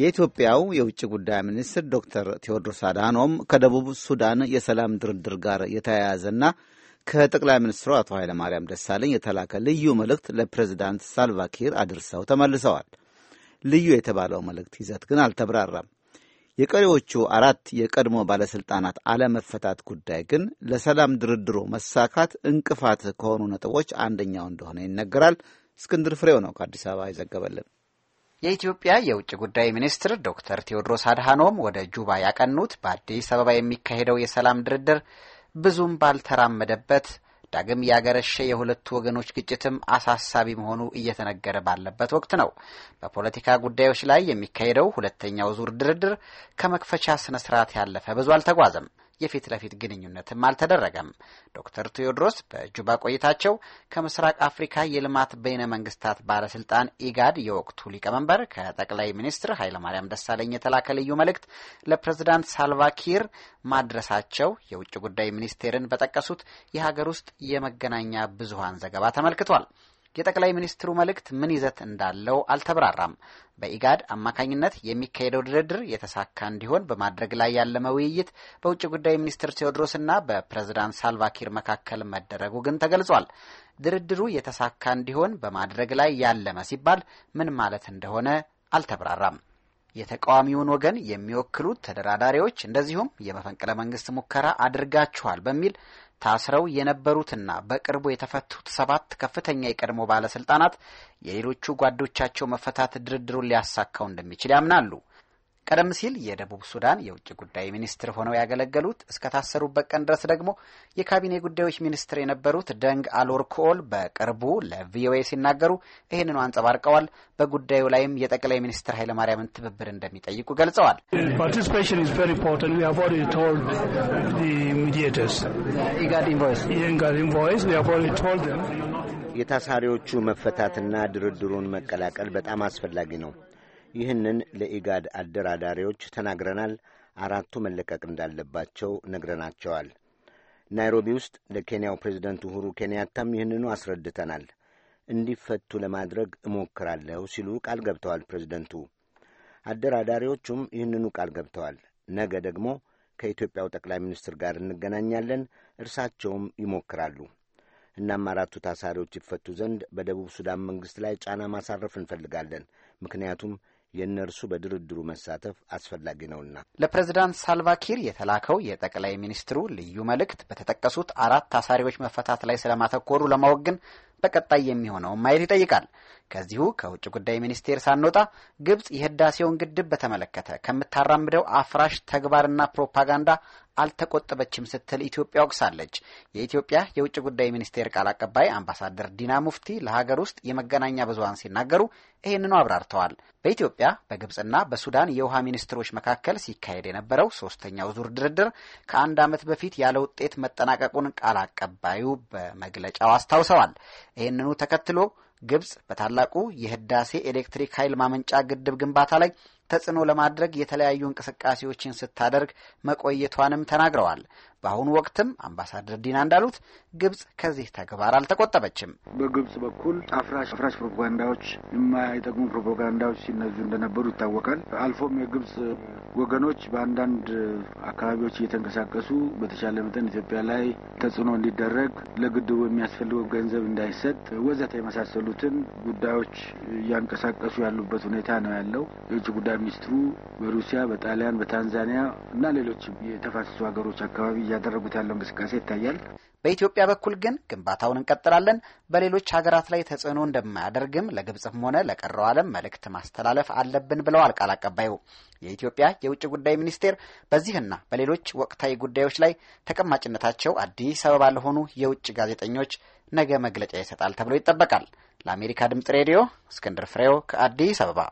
የኢትዮጵያው የውጭ ጉዳይ ሚኒስትር ዶክተር ቴዎድሮስ አድሃኖም ከደቡብ ሱዳን የሰላም ድርድር ጋር የተያያዘና ከጠቅላይ ሚኒስትሩ አቶ ኃይለማርያም ደሳለኝ የተላከ ልዩ መልእክት ለፕሬዚዳንት ሳልቫኪር አድርሰው ተመልሰዋል። ልዩ የተባለው መልእክት ይዘት ግን አልተብራራም። የቀሪዎቹ አራት የቀድሞ ባለሥልጣናት አለመፈታት ጉዳይ ግን ለሰላም ድርድሩ መሳካት እንቅፋት ከሆኑ ነጥቦች አንደኛው እንደሆነ ይነገራል። እስክንድር ፍሬው ነው ከአዲስ አበባ ይዘገበልን። የኢትዮጵያ የውጭ ጉዳይ ሚኒስትር ዶክተር ቴዎድሮስ አድሃኖም ወደ ጁባ ያቀኑት በአዲስ አበባ የሚካሄደው የሰላም ድርድር ብዙም ባልተራመደበት ዳግም ያገረሸ የሁለቱ ወገኖች ግጭትም አሳሳቢ መሆኑ እየተነገረ ባለበት ወቅት ነው። በፖለቲካ ጉዳዮች ላይ የሚካሄደው ሁለተኛው ዙር ድርድር ከመክፈቻ ስነ ስርዓት ያለፈ ብዙ አልተጓዘም። የፊት ለፊት ግንኙነትም አልተደረገም። ዶክተር ቴዎድሮስ በጁባ ቆይታቸው ከምስራቅ አፍሪካ የልማት በይነ መንግስታት ባለስልጣን ኢጋድ የወቅቱ ሊቀመንበር ከጠቅላይ ሚኒስትር ኃይለማርያም ደሳለኝ የተላከ ልዩ መልእክት ለፕሬዝዳንት ሳልቫኪር ማድረሳቸው የውጭ ጉዳይ ሚኒስቴርን በጠቀሱት የሀገር ውስጥ የመገናኛ ብዙሀን ዘገባ ተመልክቷል። የጠቅላይ ሚኒስትሩ መልእክት ምን ይዘት እንዳለው አልተብራራም። በኢጋድ አማካኝነት የሚካሄደው ድርድር የተሳካ እንዲሆን በማድረግ ላይ ያለመ ውይይት በውጭ ጉዳይ ሚኒስትር ቴዎድሮስና በፕሬዝዳንት ሳልቫኪር መካከል መደረጉ ግን ተገልጿል። ድርድሩ የተሳካ እንዲሆን በማድረግ ላይ ያለመ ሲባል ምን ማለት እንደሆነ አልተብራራም። የተቃዋሚውን ወገን የሚወክሉት ተደራዳሪዎች እንደዚሁም የመፈንቅለ መንግስት ሙከራ አድርጋችኋል በሚል ታስረው የነበሩትና በቅርቡ የተፈቱት ሰባት ከፍተኛ የቀድሞ ባለስልጣናት የሌሎቹ ጓዶቻቸው መፈታት ድርድሩን ሊያሳካው እንደሚችል ያምናሉ። ቀደም ሲል የደቡብ ሱዳን የውጭ ጉዳይ ሚኒስትር ሆነው ያገለገሉት እስከታሰሩበት ቀን ድረስ ደግሞ የካቢኔ ጉዳዮች ሚኒስትር የነበሩት ደንግ አልወርኮል በቅርቡ ለቪኦኤ ሲናገሩ ይህንኑ አንጸባርቀዋል። በጉዳዩ ላይም የጠቅላይ ሚኒስትር ኃይለማርያምን ትብብር እንደሚጠይቁ ገልጸዋል። የታሳሪዎቹ መፈታትና ድርድሩን መቀላቀል በጣም አስፈላጊ ነው። ይህንን ለኢጋድ አደራዳሪዎች ተናግረናል። አራቱ መለቀቅ እንዳለባቸው ነግረናቸዋል። ናይሮቢ ውስጥ ለኬንያው ፕሬዝደንት ኡሁሩ ኬንያታም ይህንኑ አስረድተናል። እንዲፈቱ ለማድረግ እሞክራለሁ ሲሉ ቃል ገብተዋል ፕሬዝደንቱ። አደራዳሪዎቹም ይህንኑ ቃል ገብተዋል። ነገ ደግሞ ከኢትዮጵያው ጠቅላይ ሚኒስትር ጋር እንገናኛለን። እርሳቸውም ይሞክራሉ። እናም አራቱ ታሳሪዎች ይፈቱ ዘንድ በደቡብ ሱዳን መንግሥት ላይ ጫና ማሳረፍ እንፈልጋለን። ምክንያቱም የእነርሱ በድርድሩ መሳተፍ አስፈላጊ ነውና። ለፕሬዝዳንት ሳልቫኪር የተላከው የጠቅላይ ሚኒስትሩ ልዩ መልእክት በተጠቀሱት አራት ታሳሪዎች መፈታት ላይ ስለማተኮሩ ለማወቅ ግን በቀጣይ የሚሆነውን ማየት ይጠይቃል። ከዚሁ ከውጭ ጉዳይ ሚኒስቴር ሳንወጣ ግብጽ የህዳሴውን ግድብ በተመለከተ ከምታራምደው አፍራሽ ተግባርና ፕሮፓጋንዳ አልተቆጠበችም ስትል ኢትዮጵያ ወቅሳለች። የኢትዮጵያ የውጭ ጉዳይ ሚኒስቴር ቃል አቀባይ አምባሳደር ዲና ሙፍቲ ለሀገር ውስጥ የመገናኛ ብዙሀን ሲናገሩ ይህንኑ አብራርተዋል። በኢትዮጵያ በግብፅና በሱዳን የውሃ ሚኒስትሮች መካከል ሲካሄድ የነበረው ሶስተኛው ዙር ድርድር ከአንድ ዓመት በፊት ያለ ውጤት መጠናቀቁን ቃል አቀባዩ በመግለጫው አስታውሰዋል። ይህንኑ ተከትሎ ግብጽ በታላቁ የህዳሴ ኤሌክትሪክ ኃይል ማመንጫ ግድብ ግንባታ ላይ ተጽዕኖ ለማድረግ የተለያዩ እንቅስቃሴዎችን ስታደርግ መቆየቷንም ተናግረዋል። በአሁኑ ወቅትም አምባሳደር ዲና እንዳሉት ግብጽ ከዚህ ተግባር አልተቆጠበችም። በግብጽ በኩል አፍራሽ አፍራሽ ፕሮፓጋንዳዎች፣ የማይጠቅሙ ፕሮፓጋንዳዎች ሲነዙ እንደነበሩ ይታወቃል። አልፎም የግብጽ ወገኖች በአንዳንድ አካባቢዎች እየተንቀሳቀሱ በተቻለ መጠን ኢትዮጵያ ላይ ተጽዕኖ እንዲደረግ፣ ለግድቡ የሚያስፈልገው ገንዘብ እንዳይሰጥ፣ ወዘተ የመሳሰሉትን ጉዳዮች እያንቀሳቀሱ ያሉበት ሁኔታ ነው ያለው የውጭ ጉዳይ ጠቅላይ ሚኒስትሩ በሩሲያ፣ በጣሊያን፣ በታንዛኒያ እና ሌሎች የተፋሰሱ ሀገሮች አካባቢ እያደረጉት ያለው እንቅስቃሴ ይታያል። በኢትዮጵያ በኩል ግን ግንባታውን እንቀጥላለን፣ በሌሎች ሀገራት ላይ ተጽዕኖ እንደማያደርግም ለግብጽም ሆነ ለቀረው ዓለም መልእክት ማስተላለፍ አለብን ብለዋል ቃል አቀባዩ። የኢትዮጵያ የውጭ ጉዳይ ሚኒስቴር በዚህና በሌሎች ወቅታዊ ጉዳዮች ላይ ተቀማጭነታቸው አዲስ አበባ ለሆኑ የውጭ ጋዜጠኞች ነገ መግለጫ ይሰጣል ተብሎ ይጠበቃል። ለአሜሪካ ድምጽ ሬዲዮ እስክንድር ፍሬው ከአዲስ አበባ